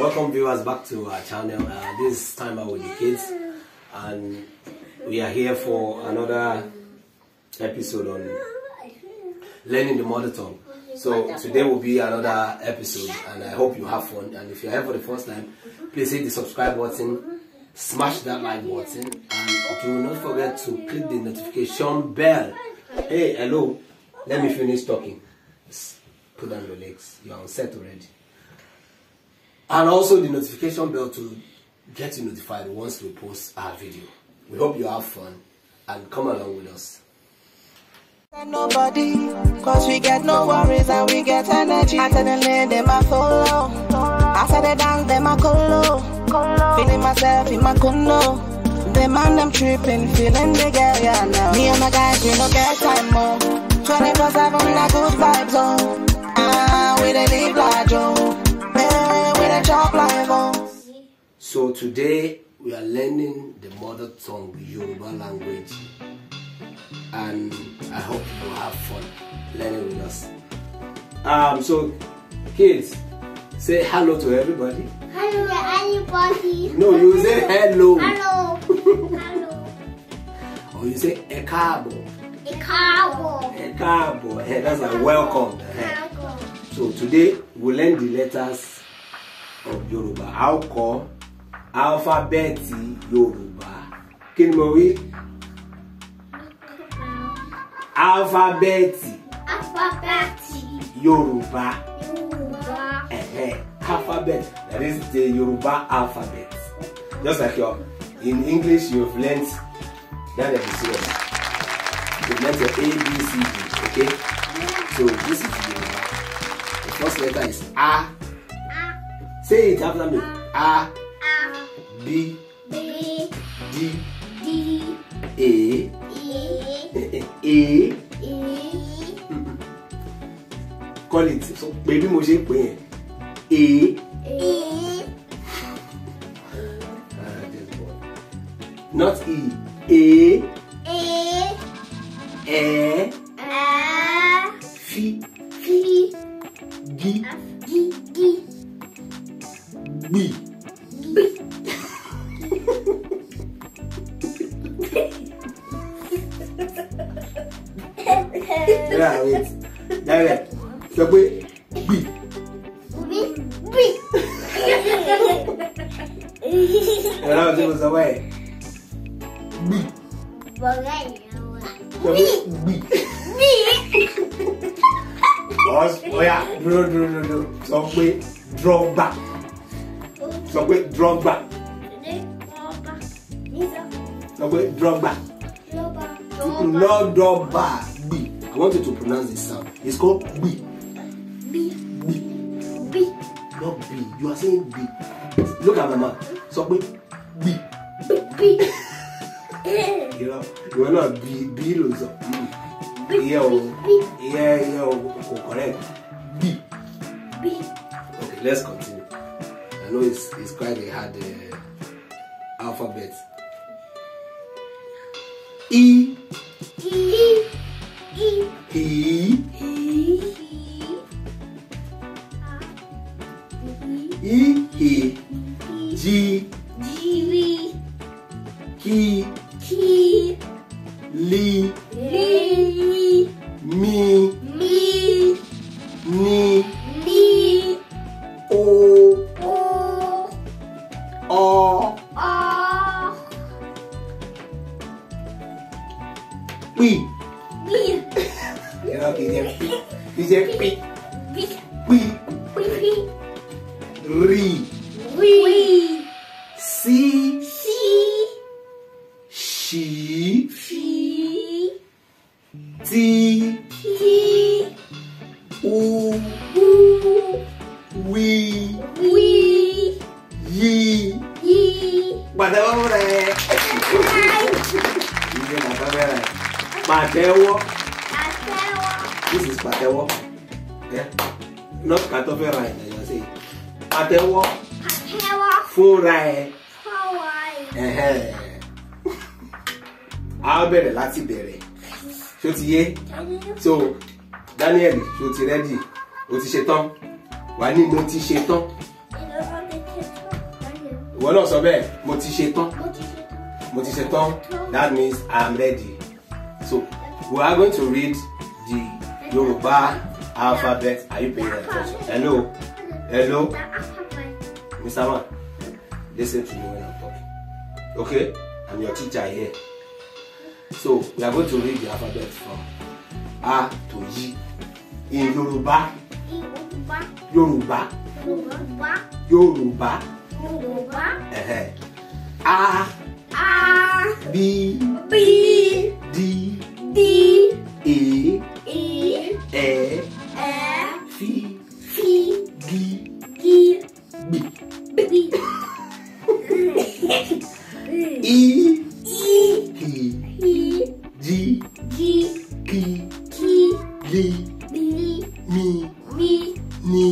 Welcome viewers back to our channel. Uh, this time out with the kids and we are here for another episode on learning the mother tongue. So today will be another episode and I hope you have fun and if you're here for the first time, please hit the subscribe button, smash that like button and do not forget to click the notification bell. Hey, hello, let me finish talking. Put down your legs, you're on set already and also the notification bell to get you notified once we post our video. We hope you have fun and come along with us. Nobody, cause we get no worries and we get energy. I said the follow. I said dance, colo. Feeling myself in my condo. The man, tripping, feeling the girl, yeah, now. Me and my guys, we no get time, more. 24 7, like good vibes, oh. Ah, we live oh. So today we are learning the mother tongue Yoruba language and I hope you have fun learning with us. Um, so kids, say hello to everybody. Hello everybody. No, you say hello. Hello. hello. Or you say ekabo. Ekabo. Ekabo. Hey, that's a welcome. Ekabo. So today we will learn the letters of Yoruba. I'll alifábẹ́ẹ̀tì yorùbá kí ni mo wí alifábẹ́ẹ̀tì alifábẹ́ẹ̀tì yorùbá yorùbá alphabet that is the yorùbá alphabet just like your in english you have learnt that episode you learnt your a b c d okay so this is yorùbá the first letter is a say it after me a. B B D D E E E call it so baby. bí mo ṣe pè yẹn E E not E E E E fi fi G, G, gi gbi. No, no, dúró sọ pé drọgba sọ pé drọgba sọ pé drọgba lọdọba gbi I want you to pronounce the sound it's called gbi gbi gbi not gbi you are saying gbi look at mama sọ pé gbi gbi ìwọ náà bí bí ló sọ ìyẹ o ìyẹ ìyẹ o kò correct bí let's continue. I know it's, it's quite a hard uh, alphabet. E. E. U. U. We. We. Yi. Yi. Pàtẹ́wọ́ fún ẹ. Iye nàkọ́ bẹ̀rẹ̀. Pàtẹ́wọ́. Pàtẹ́wọ́. This is pàtẹ́wọ́. Yeah. Not kàtọ́ fẹ́ ra ẹ̀ lẹ́yìn ọ̀sẹ̀ yìí. Pàtẹ́wọ́. Pàtẹ́wọ́. Fúnra ẹ̀. Fúnra ẹ̀. A bẹ̀rẹ̀ láti bẹ̀rẹ̀. Ṣé o ti yé? So. Daniel ṣé o ti rẹ́dì o ti ṣe tán wà ní mo ti ṣe tán ìwọ náà sọ bẹ́ẹ̀ mo ti ṣe tán mo ti ṣe tán that means I am ready so we are going to read the Yoruba alphabet are you paying attention hello hello Mr. Man listen to me when I'm talking okay I'm your teacher here so we are going to read the alphabet from A to Y. in Yoruba. Yoruba. Yoruba. Yoruba. Yoruba. Yoruba. Uh-huh. A. A. B. B. D. D. E. mi rí ni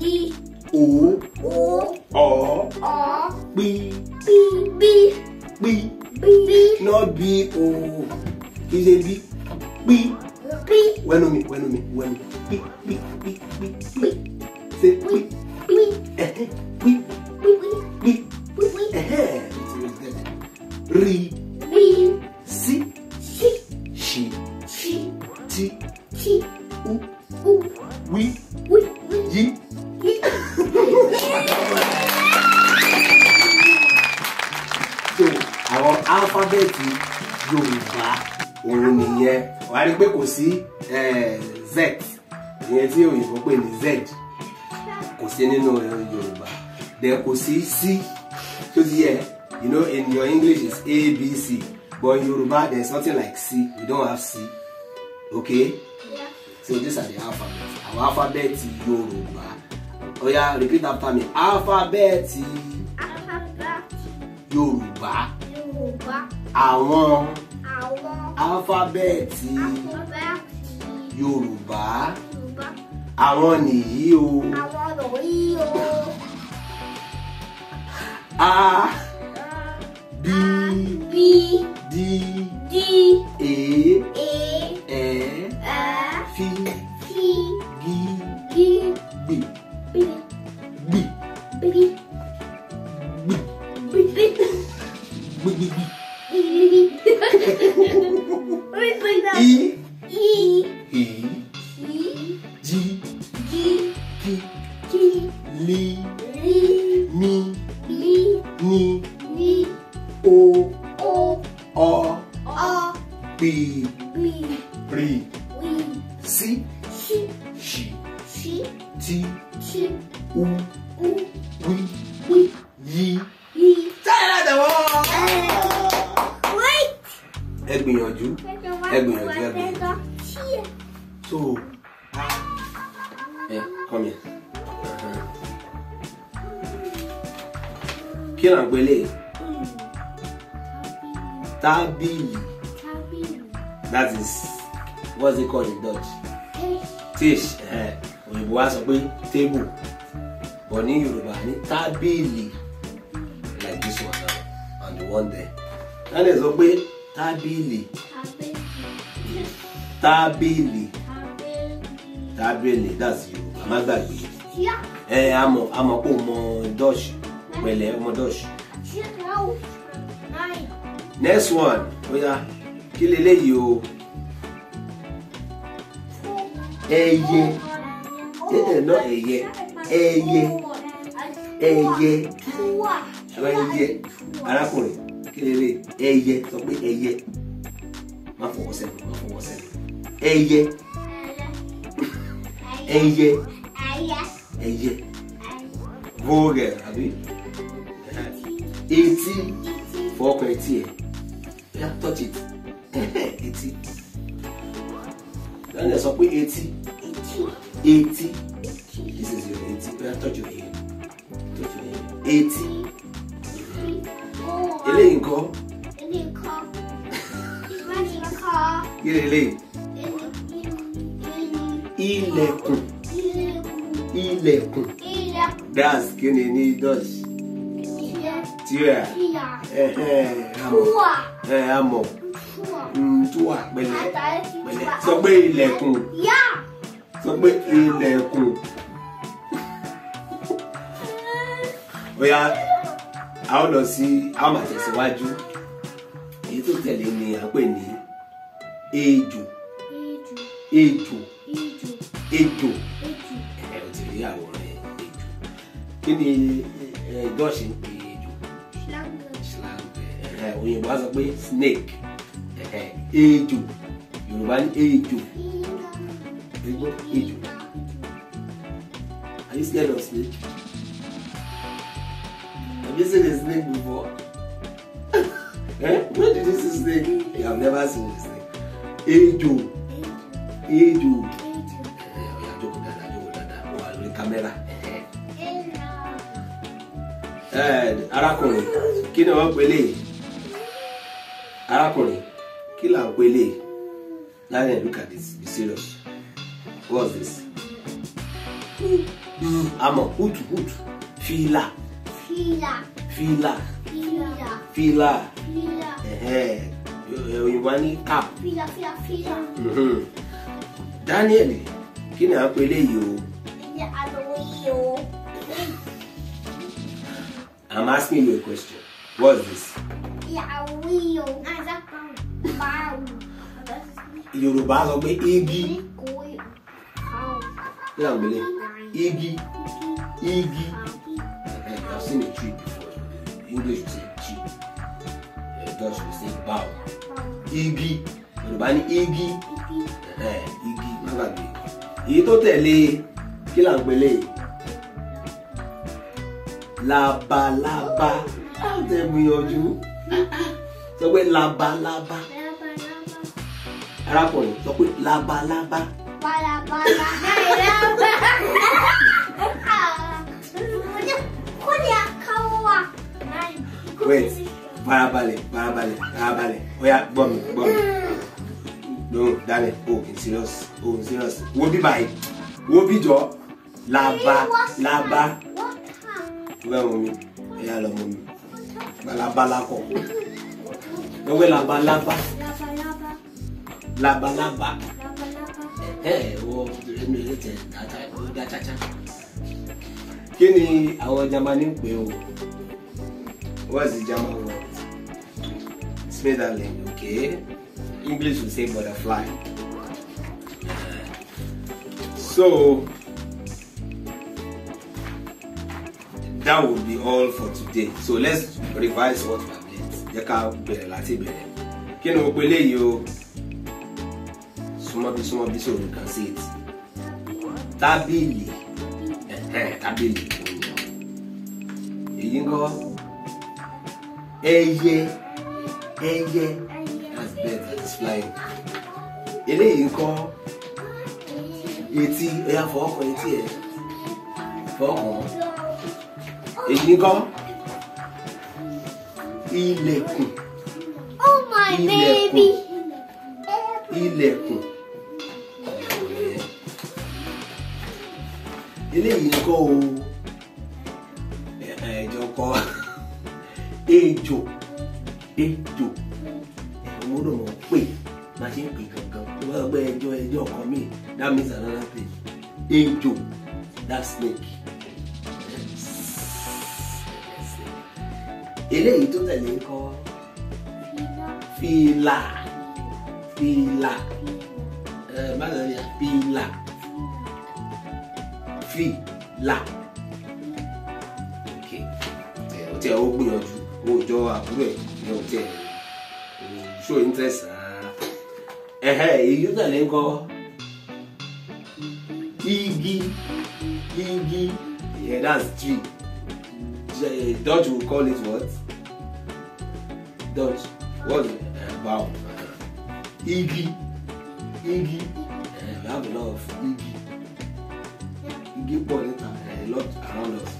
ní o O ọ ọ pí pí bí pí bí not bí o kì í ṣe bí pí pí wẹ́nu mi wẹ́nu mi wẹ́nu pí pí pí pí pí ṣe pí pí ẹ̀hẹ́ pí pí pí pí ẹ̀hẹ́ rí rí sí sí ṣì ṣì tí tí. U. U. Oui. Oui. so àwọn alifábẹ́ẹ̀tì Yorùbá òun nìyẹn wàá rí i pé kò sí z ìyẹn tí òyìnbó pè ní z kò sí nínú Yorùbá dẹ̀ kò sí c tó ti yẹ you know in your English is A B C but in Yorùbá there is something like C we don't have C okay. Yeah. So these are the alphabets. Our alphabet Yorùbá. Oh yeah, repeat after me. Alphabet Yoruba. Yorùbá. Àwọn. Àwọn. Alphabet Yorùbá. Àwọn nìyí o. A. B. B. D. D. E. Ri. Ri. Si. Si. Shi. Shi. Ti. Ti. U. U. Wi. Wi. Yi. Yi. Tẹ́lẹ̀ dẹ̀wọ́. Wait. Ẹ gbìyànjú. Ẹ gbìyànjú. Ẹ gbìyànjú. So. Yeah, come here. Kí ni àgbélé? Tábìlì. Tábìlì that is what's it called in Dutch tish eh, òyìnbó wa sọ pé table but ní Yorùbá ní tábìlì like this one now and the one there náà lè sọ pé tábìlì tábìlì tábìlì that's Yorùbá má gbàgbé ẹ àmọ́ àmọ́ kò mọ Dutch pẹ̀lẹ́ ọmọ Dutch next one ó yá. Oh yeah kí leléyìí o ẹyẹ ẹyẹ náà ẹyẹ ẹyẹ ẹyẹ ẹyẹ arákùnrin kí leléyìí ẹyẹ sọ pé ẹyẹ má fọwọ́ sẹ́nu má fọwọ́ sẹ́nu ẹyẹ ẹyẹ ẹyẹ vogel àbí etí fọwọ́ kan etí ẹ̀ yá touch it etí lọ́nà sọ pé etí etí this is your etí bẹ́ẹ̀ tọ́jú rẹ̀ tọ́jú rẹ̀ etí eléyìí nǹkan. eléyìí nǹkan ìwádìí nǹkan. kí ni eléyìí. ilẹ̀kùn. ilẹ̀kùn. ilẹ̀kùn. das kí ni ní dutch. tíra. tíra wà pẹ̀lẹ́ pẹ̀lẹ́ sọ pé ilẹ̀kùn sọ pé ilẹ̀kùn bóyá a ó lọ sí a ó máa tẹ̀síwájú èyí tó tẹ̀lé ni à pè ní ejò ejò ejò ẹ ò ti àwòrán ejò kí ni dọ́ọ̀ṣì ń pè ejò òyìnbó á sọ pé snake ejò yorùbá ní ejò ejò ejò are you scared of snake have you seen a snake before eh Where did you see snake you have never seen a snake ejò ejò ọ̀yà eh, jókòó dáadáa jókòó dáadáa wà lórí kámẹ́rà eh, arákùnrin kí ni wọ́n pè é lẹ́yìn arákùnrin kí là Now then, look at this be serious what's this Amo. amọ̀ hútù Fila. Fila. Fila. Fila. fìlà eh, òyìnbó ní cap fìlà fìlà fìlà Daniel kí ni à ń pélé yìí o. I'm asking you a question. What's this? Yeah, a yorùbá sọ pé igi igi igi i have seen a tree before english will say tree dutch will say bow igi yorùbá ní igi igi má gbàgbé èyí tó tẹ̀lé kí là ń gbélé labalábá láti gbìyànjú sọ pé labalábá arákùnrin sọ pé labalábá. balabala bẹ́ẹ̀ lábẹ́ kó ah, lè káwọ́ wa. wait farabalẹ̀ farabalẹ̀ farabalẹ̀ oya gbọ́ mi gbọ́ mi hmm. no dalẹ̀ o n serious o n serious wo bí báyìí wo bí jọ laba laba wẹ́ẹ̀ mú mi ẹ̀yà lọ mú mi balabala kọ̀ lọ́wọ́ labalábá labalábá ẹ ẹ wọ èmi ẹ tẹ dá chacha kí ni àwọn jamani ń pè o what's the german word smitherland okay english will say butterfly so that would be all for today so let's revise what we have learned jẹ́ ká bẹ̀rẹ̀ láti bẹ̀rẹ̀ kí ni o pe léyìí o súnmọ́bí súnmọ́bí so we can see it tábìlì tábìlì èyí ń kọ́ ẹyẹ ẹyẹ that's bird that is flying eléyìí ń kọ́ etí ẹyà fọwọ́kàn etí ẹ fọwọ́kàn èyí ń kọ́ ilẹ̀kùn oh ilẹ̀kùn ilẹ̀kùn. eléyìí kọ́ o ẹ̀jọ̀ kọ́ ejò ejò ẹ̀wọ̀n ló mọ̀ pé má ṣe ń pè kankan tó bá gbé ẹjọ́ ẹjọ́ kan mi that means another thing ejò that snake eléyìí tó tẹ̀lé ń kọ́ fìlà fìlà ẹ̀ bá lọ rí fìlà fìlà ó tiẹ̀ ó gbìyànjú ó jọ àbúrò ẹ̀ ní ó tiẹ̀ show interest rárá ẹ̀hẹ́ èyí tẹ̀lé ń kọ́ igi igi yeah that's tree Dutch will call it what Dutch what uh, eh, bow igi igi uh, we have a lot of igi billboard a lot around us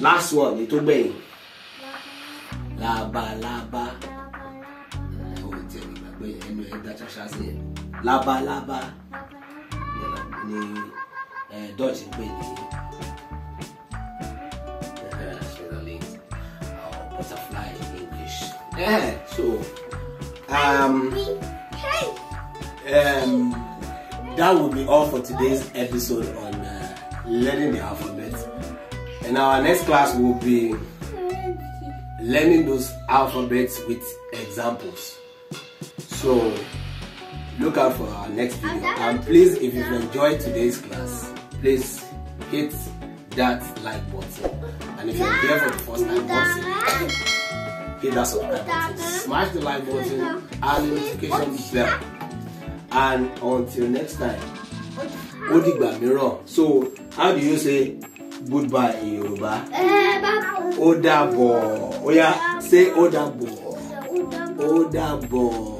last one it will be laba laba. tí ẹni gbàgbé ẹnu ẹ dá ṣáṣá sí ẹ labalábá dutch ń pè butterfly in English yeah, so um, um, that will be all for today's episode on uh, learning the alphabet. And our next class will be learning those alphabets with examples. So look out for our next video. And please, if you've enjoyed today's class, please hit that like button. And if you're here for the first time, also, hit that subscribe button. Smash the like button and the notification bell. and until next time ó dìgbà mìíràn so how do you say goodbye in Yorùbá ó dàbọ̀ ó yá say ó dàbọ̀ ó dàbọ̀.